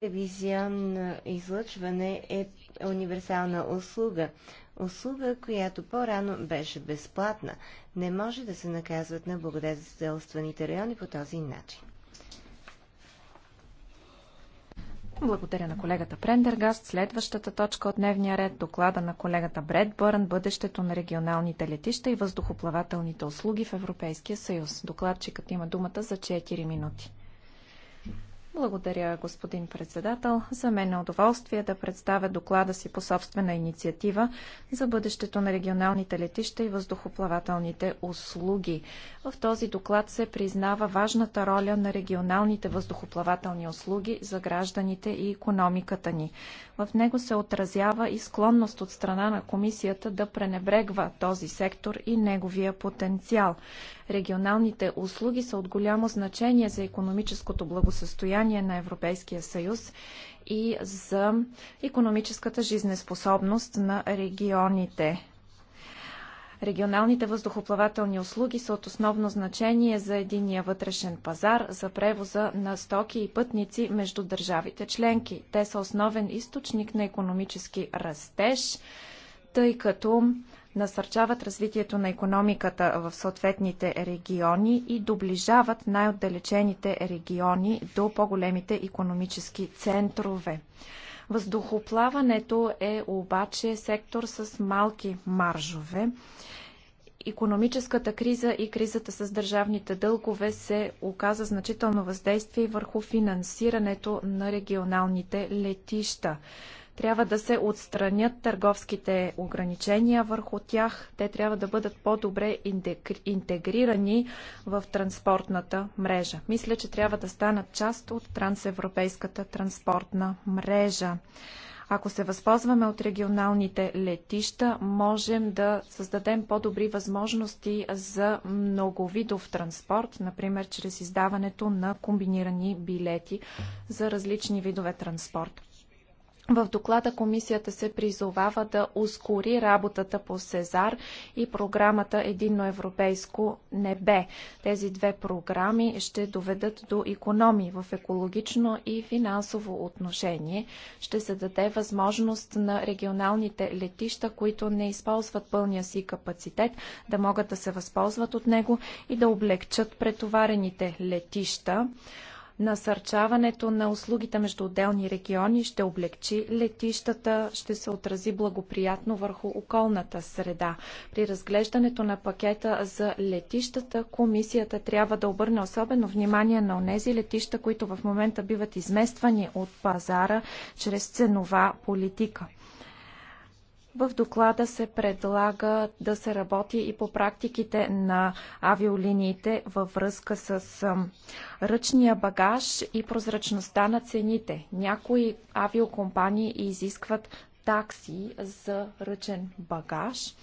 Телевизионно излъчване е универсална услуга. Услуга, която по-рано беше безплатна. Не може да се наказват на благодетелстваните райони по този начин. Благодаря на колегата Прендергаст. Следващата точка от дневния ред доклада на колегата Бред Бърн бъдещето на регионалните летища и въздухоплавателните услуги в Европейския съюз. Докладчикът има думата за 4 минути. Благодаря, господин председател. За мен е удоволствие да представя доклада си по собствена инициатива за бъдещето на регионалните летища и въздухоплавателните услуги. В този доклад се признава важната роля на регионалните въздухоплавателни услуги за гражданите и економиката ни. В него се отразява и склонност от страна на комисията да пренебрегва този сектор и неговия потенциал. Регионалните услуги са от голямо значение за економическото благосъстояние състояние на Европейския съюз и за економическата жизнеспособност на регионите. Регионалните въздухоплавателни услуги са от основно значение за единия вътрешен пазар, за превоза на стоки и пътници между държавите членки. Те са основен източник на економически растеж, тъй като насърчават развитието на економиката в съответните региони и доближават най-отдалечените региони до по-големите економически центрове. Въздухоплаването е обаче сектор с малки маржове. Економическата криза и кризата с държавните дългове се оказа значително въздействие върху финансирането на регионалните летища. Трябва да се отстранят търговските ограничения върху тях. Те трябва да бъдат по-добре интегрирани в транспортната мрежа. Мисля, че трябва да станат част от трансевропейската транспортна мрежа. Ако се възползваме от регионалните летища, можем да създадем по-добри възможности за многовидов транспорт, например чрез издаването на комбинирани билети за различни видове транспорт. В доклада комисията се призовава да ускори работата по Сезар и програмата Единно европейско небе. Тези две програми ще доведат до економии в екологично и финансово отношение. Ще се даде възможност на регионалните летища, които не използват пълния си капацитет, да могат да се възползват от него и да облегчат претоварените летища. Насърчаването на услугите между отделни региони ще облегчи летищата, ще се отрази благоприятно върху околната среда. При разглеждането на пакета за летищата, комисията трябва да обърне особено внимание на онези летища, които в момента биват измествани от пазара чрез ценова политика. В доклада се предлага да се работи и по практиките на авиолиниите във връзка с ръчния багаж и прозрачността на цените. Някои авиокомпании изискват такси за ръчен багаж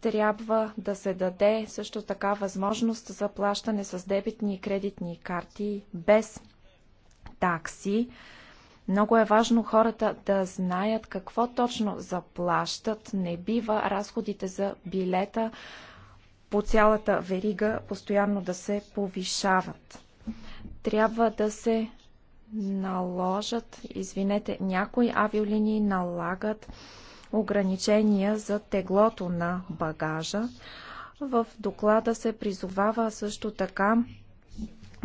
трябва да се даде също така възможност за плащане с дебитни и кредитни карти без такси. Много е важно хората да знаят какво точно заплащат. Не бива разходите за билета по цялата верига постоянно да се повишават. Трябва да се наложат, извинете, някои авиолинии налагат ограничения за теглото на багажа. В доклада се призовава също така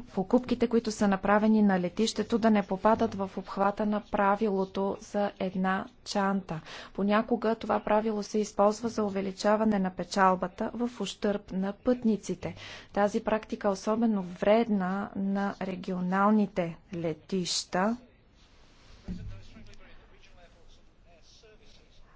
покупките, които са направени на летището, да не попадат в обхвата на правилото за една чанта. Понякога това правило се използва за увеличаване на печалбата в ущърп на пътниците. Тази практика е особено вредна на регионалните летища,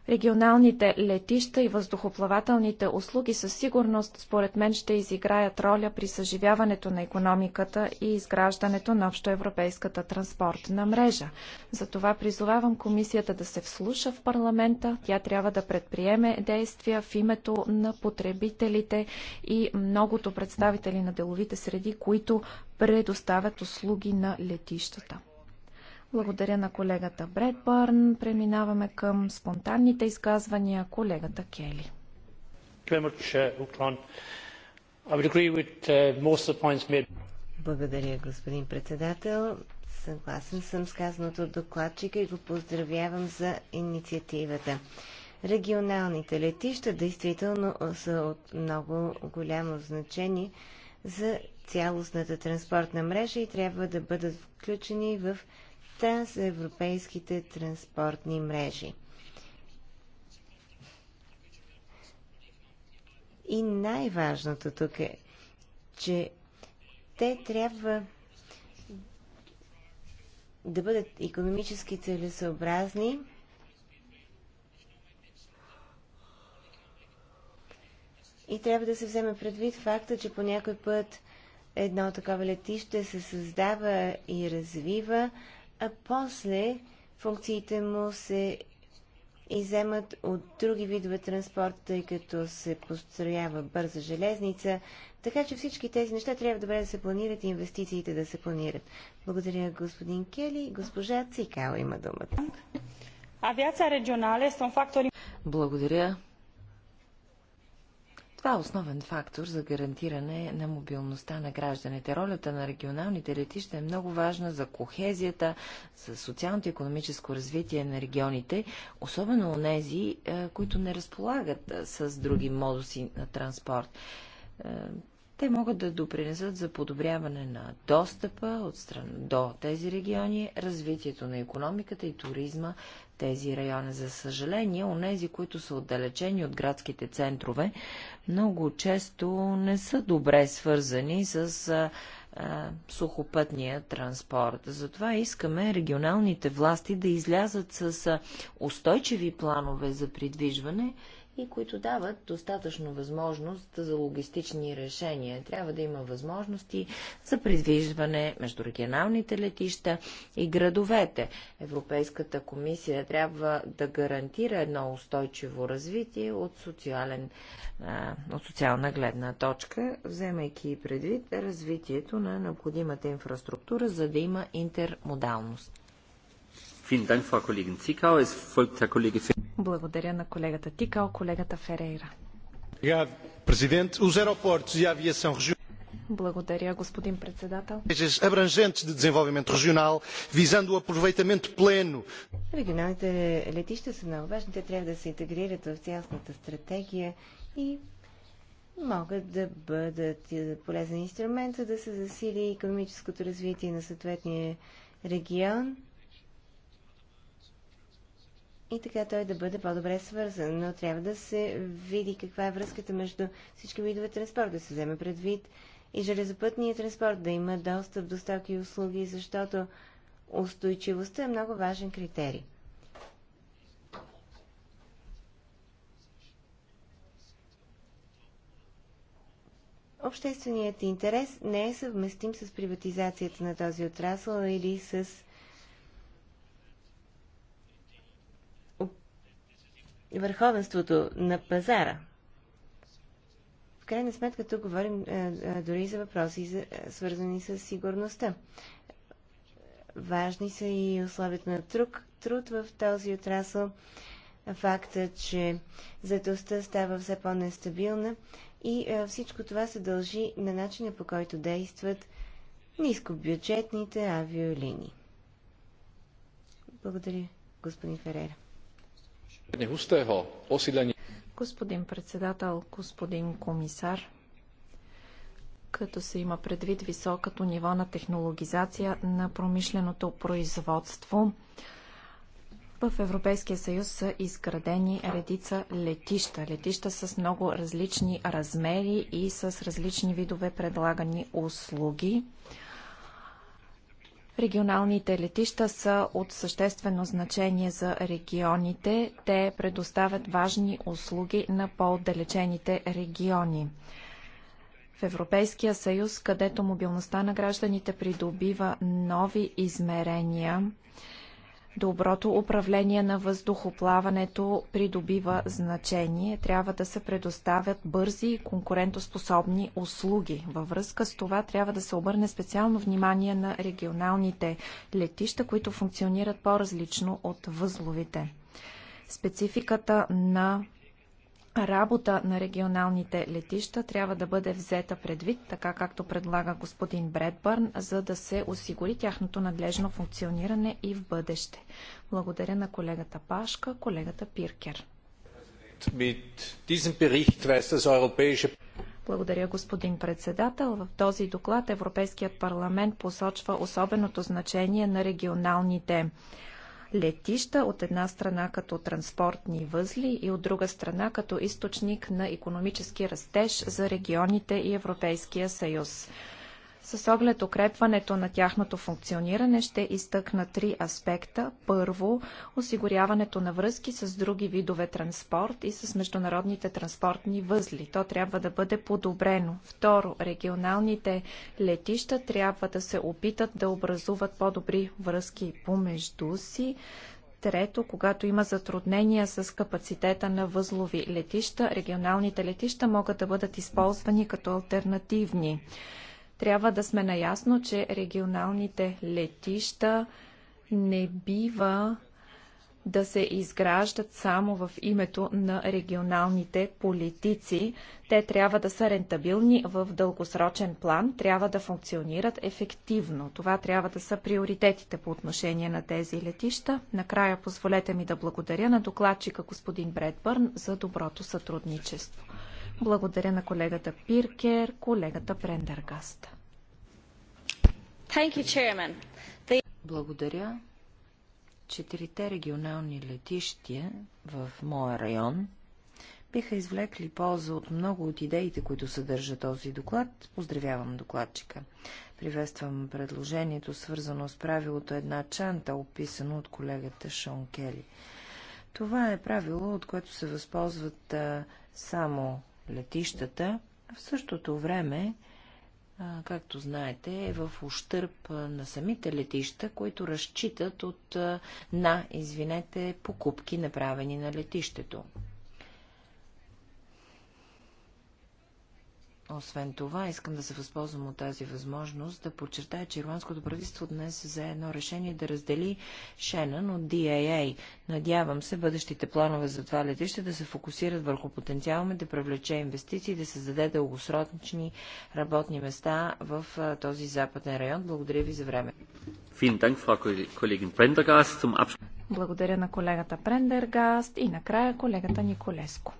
Регионалните летища и въздухоплавателните услуги със сигурност, според мен, ще изиграят роля при съживяването на економиката и изграждането на общоевропейската транспортна мрежа. Затова призовавам комисията да се вслуша в парламента. Тя трябва да предприеме действия в името на потребителите и многото представители на деловите среди, които предоставят услуги на летищата. Благодаря на колегата Бредбърн. Преминаваме към спонтанните изказвания. Колегата Кели. Uh, uh, Благодаря, господин председател. Съгласен съм с казаното от докладчика и го поздравявам за инициативата. Регионалните летища действително са от много голямо значение за цялостната транспортна мрежа и трябва да бъдат включени в Та за европейските транспортни мрежи. И най-важното тук е, че те трябва да бъдат економически целесообразни и трябва да се вземе предвид факта, че по някой път едно такова летище се създава и развива, а после функциите му се иземат от други видове транспорт, тъй като се построява бърза железница. Така че всички тези неща трябва добре да се планират и инвестициите да се планират. Благодаря господин Кели. Госпожа Цикала има думата. Авиация регионале фактори. Благодаря. Това е основен фактор за гарантиране на мобилността на гражданите. Ролята на регионалните летища е много важна за кохезията, за социалното и економическо развитие на регионите, особено у нези, е, които не разполагат е, с други модуси на транспорт. Е, те могат да допринесат за подобряване на достъпа от страна до тези региони, развитието на економиката и туризма тези райони. За съжаление, у нези, които са отдалечени от градските центрове, много често не са добре свързани с а, сухопътния транспорт. Затова искаме регионалните власти да излязат с устойчиви планове за придвижване и които дават достатъчно възможност за логистични решения. Трябва да има възможности за предвижване между регионалните летища и градовете. Европейската комисия трябва да гарантира едно устойчиво развитие от, социален, от социална гледна точка, вземайки предвид развитието на необходимата инфраструктура, за да има интермодалност. Vielen Dank, Frau Kollegin Zickau. Es folgt Herr Kollege благодаря на колегата Тикал, колегата Ферейра. E Благодаря, господин председател. Регионалните летища са много важни. Те трябва да се интегрират в цялостната стратегия и могат да бъдат е, полезен инструмент, за да се засили економическото развитие на съответния регион и така той да бъде по-добре свързан. Но трябва да се види каква е връзката между всички видове транспорт, да се вземе предвид и железопътния транспорт да има достъп до стоки и услуги, защото устойчивостта е много важен критерий. Общественият интерес не е съвместим с приватизацията на този отрасъл или с върховенството на пазара. В крайна сметка тук говорим е, е, дори за въпроси, за, е, свързани с сигурността. Важни са и условията на труд, труд в този отрасъл. Факта, че заедостта става все по-нестабилна и всичко това се дължи на начина по който действат нискобюджетните авиолинии. Благодаря, господин Ферера. Господин председател, господин комисар, като се има предвид високото ниво на технологизация на промишленото производство, в Европейския съюз са изградени редица летища. Летища с много различни размери и с различни видове предлагани услуги. Регионалните летища са от съществено значение за регионите. Те предоставят важни услуги на по-отдалечените региони. В Европейския съюз, където мобилността на гражданите придобива нови измерения, доброто управление на въздухоплаването придобива значение. Трябва да се предоставят бързи и конкурентоспособни услуги. Във връзка с това трябва да се обърне специално внимание на регионалните летища, които функционират по-различно от възловите. Спецификата на работа на регионалните летища трябва да бъде взета предвид, така както предлага господин Бредбърн, за да се осигури тяхното надлежно функциониране и в бъдеще. Благодаря на колегата Пашка, колегата Пиркер. Благодаря, господин председател. В този доклад Европейският парламент посочва особеното значение на регионалните летища летища от една страна като транспортни възли и от друга страна като източник на економически растеж за регионите и Европейския съюз. С оглед укрепването на тяхното функциониране ще изтъкна три аспекта. Първо, осигуряването на връзки с други видове транспорт и с международните транспортни възли. То трябва да бъде подобрено. Второ, регионалните летища трябва да се опитат да образуват по-добри връзки помежду си. Трето, когато има затруднения с капацитета на възлови летища, регионалните летища могат да бъдат използвани като альтернативни. Трябва да сме наясно, че регионалните летища не бива да се изграждат само в името на регионалните политици. Те трябва да са рентабилни в дългосрочен план, трябва да функционират ефективно. Това трябва да са приоритетите по отношение на тези летища. Накрая позволете ми да благодаря на докладчика господин Бредбърн за доброто сътрудничество. Благодаря на колегата Пиркер, колегата Прендергаст. Благодаря. Четирите регионални летища в моя район биха извлекли полза от много от идеите, които съдържа този доклад. Поздравявам докладчика. Приветствам предложението, свързано с правилото една чанта, описано от колегата Шон Кели. Това е правило, от което се възползват само летищата. В същото време, както знаете, е в ущърп на самите летища, които разчитат от, на, извинете, покупки, направени на летището. Освен това, искам да се възползвам от тази възможност да подчертая, че ирландското правителство днес взе едно решение да раздели Шенън от DAA. Надявам се бъдещите планове за това летище да се фокусират върху потенциалме да привлече инвестиции, да създаде дългосрочни работни места в този западен район. Благодаря ви за време. Благодаря на колегата Прендергаст и накрая колегата Николеско.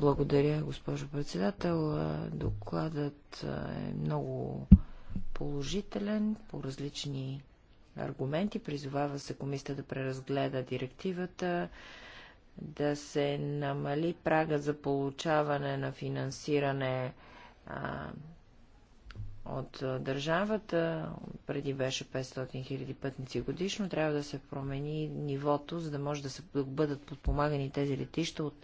Благодаря, госпожо председател. Докладът е много положителен по различни аргументи. Призовава се комисията да преразгледа директивата, да се намали прага за получаване на финансиране а, от държавата, преди беше 500 хиляди пътници годишно, трябва да се промени нивото, за да може да, се, да бъдат подпомагани тези летища от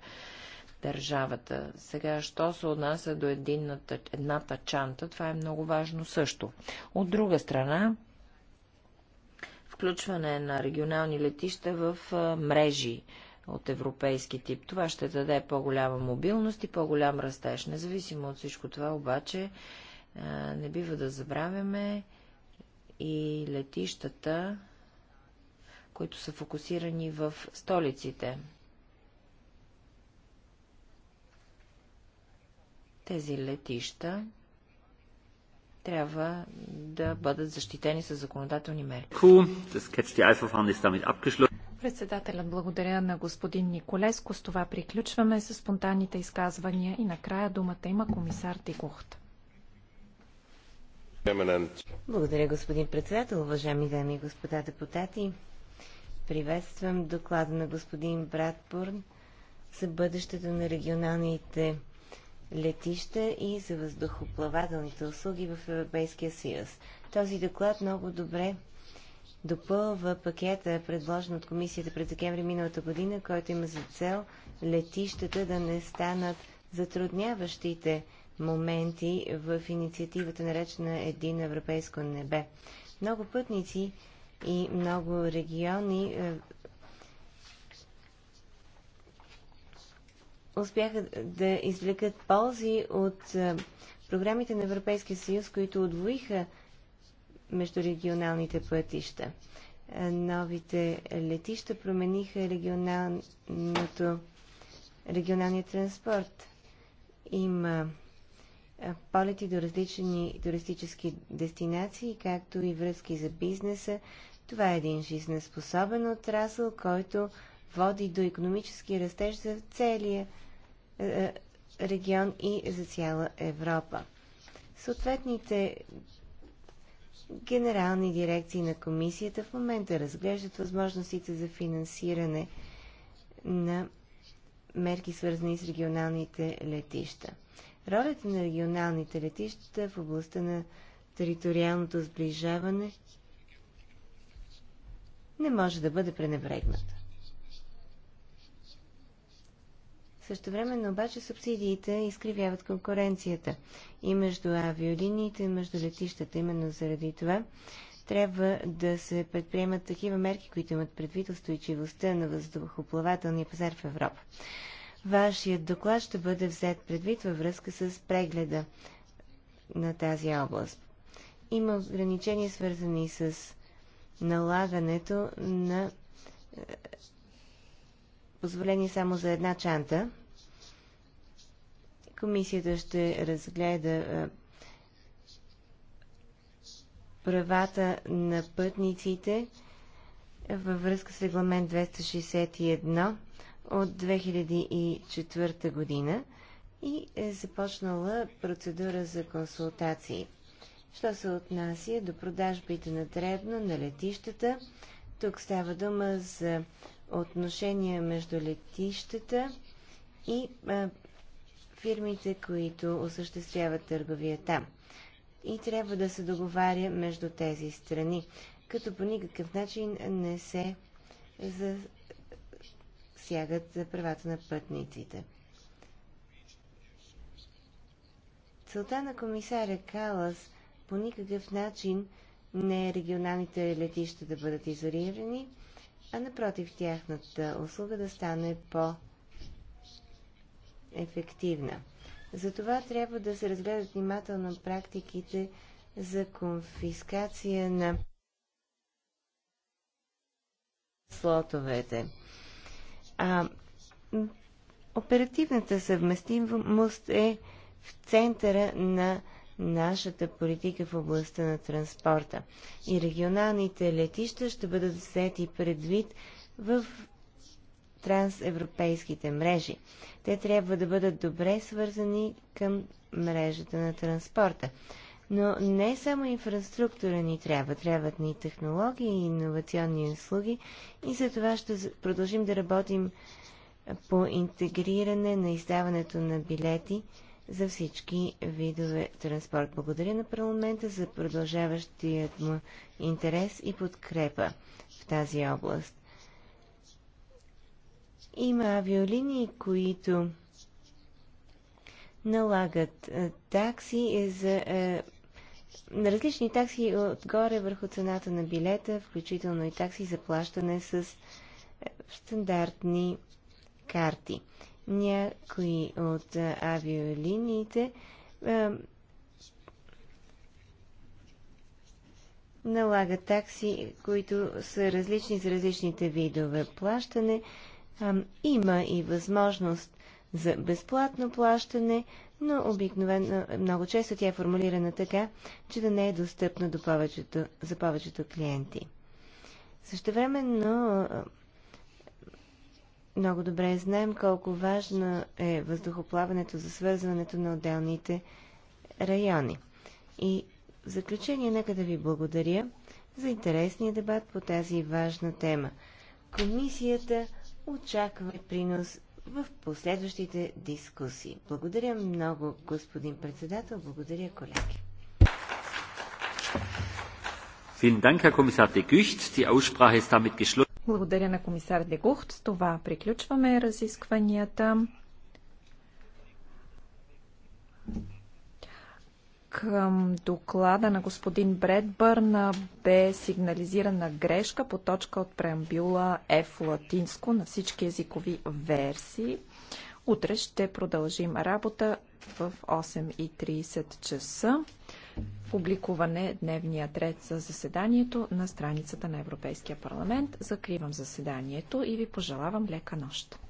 държавата. Сега, що се отнася до едината, едната чанта, това е много важно също. От друга страна, включване на регионални летища в а, мрежи от европейски тип. Това ще даде по-голяма мобилност и по-голям растеж. Независимо от всичко това, обаче, не бива да забравяме и летищата, които са фокусирани в столиците. Тези летища трябва да бъдат защитени с законодателни мерки. Председателят благодаря на господин Николеско. С това приключваме с спонтанните изказвания и накрая думата има комисар Тигухт. Благодаря, господин председател. Уважаеми дами и господа депутати, приветствам доклада на господин Братбурн за бъдещето на регионалните летища и за въздухоплавателните услуги в Европейския съюз. Този доклад много добре допълва пакета, предложен от комисията през декември миналата година, който има за цел летищата да не станат затрудняващите моменти в инициативата наречена Един европейско небе. Много пътници и много региони е, успяха да извлекат ползи от е, програмите на Европейския съюз, които отвоиха между регионалните пътища. Е, новите летища промениха регионалното, регионалния транспорт. Има полети до различни туристически дестинации, както и връзки за бизнеса. Това е един жизнеспособен отрасъл, който води до економически растеж за целия е, е, регион и за цяла Европа. Съответните генерални дирекции на комисията в момента разглеждат възможностите за финансиране на мерки, свързани с регионалните летища. Ролята на регионалните летища в областта на териториалното сближаване не може да бъде пренебрегната. Също но обаче субсидиите изкривяват конкуренцията и между авиолиниите, и между летищата. Именно заради това трябва да се предприемат такива мерки, които имат предвид устойчивостта на въздухоплавателния пазар в Европа. Вашият доклад ще бъде взет предвид във връзка с прегледа на тази област. Има ограничения, свързани с налагането на е, позволение само за една чанта. Комисията ще разгледа е, правата на пътниците във връзка с регламент 261 от 2004 година и е започнала процедура за консултации. Що се отнася до продажбите на дребно на летищата, тук става дума за отношения между летищата и а, фирмите, които осъществяват търговия там. И трябва да се договаря между тези страни, като по никакъв начин не се за, сягат правата на пътниците. Целта на комисаря Калас по никакъв начин не е регионалните летища да бъдат изолирани, а напротив тяхната услуга да стане по-ефективна. Затова трябва да се разгледат внимателно практиките за конфискация на слотовете. А, оперативната съвместимост е в центъра на нашата политика в областта на транспорта. И регионалните летища ще бъдат взети предвид в трансевропейските мрежи. Те трябва да бъдат добре свързани към мрежата на транспорта. Но не само инфраструктура ни трябва, трябват ни технологии и иновационни услуги и за това ще продължим да работим по интегриране на издаването на билети за всички видове транспорт. Благодаря на парламента за продължаващият му интерес и подкрепа в тази област. Има авиолинии, които налагат е, такси е, за е, различни такси отгоре върху цената на билета, включително и такси за плащане с е, стандартни карти. Някои от е, авиолиниите е, налага такси, които са различни за различните видове плащане. Е, има и възможност за безплатно плащане, но обикновено е, много често тя е формулирана така, че да не е достъпна до повечето, за повечето клиенти. Също но е, много добре знаем колко важно е въздухоплаването за свързването на отделните райони. И в заключение нека да ви благодаря за интересния дебат по тази важна тема. Комисията очаква принос в последващите дискусии. Благодаря много, господин председател. Благодаря, колеги. Благодаря на комисар Дегухт. С това приключваме разискванията. към доклада на господин Бредбърн бе сигнализирана грешка по точка от преамбюла F латинско на всички езикови версии. Утре ще продължим работа в 8.30 часа. Публикуване дневния дневният ред за заседанието на страницата на Европейския парламент. Закривам заседанието и ви пожелавам лека нощ.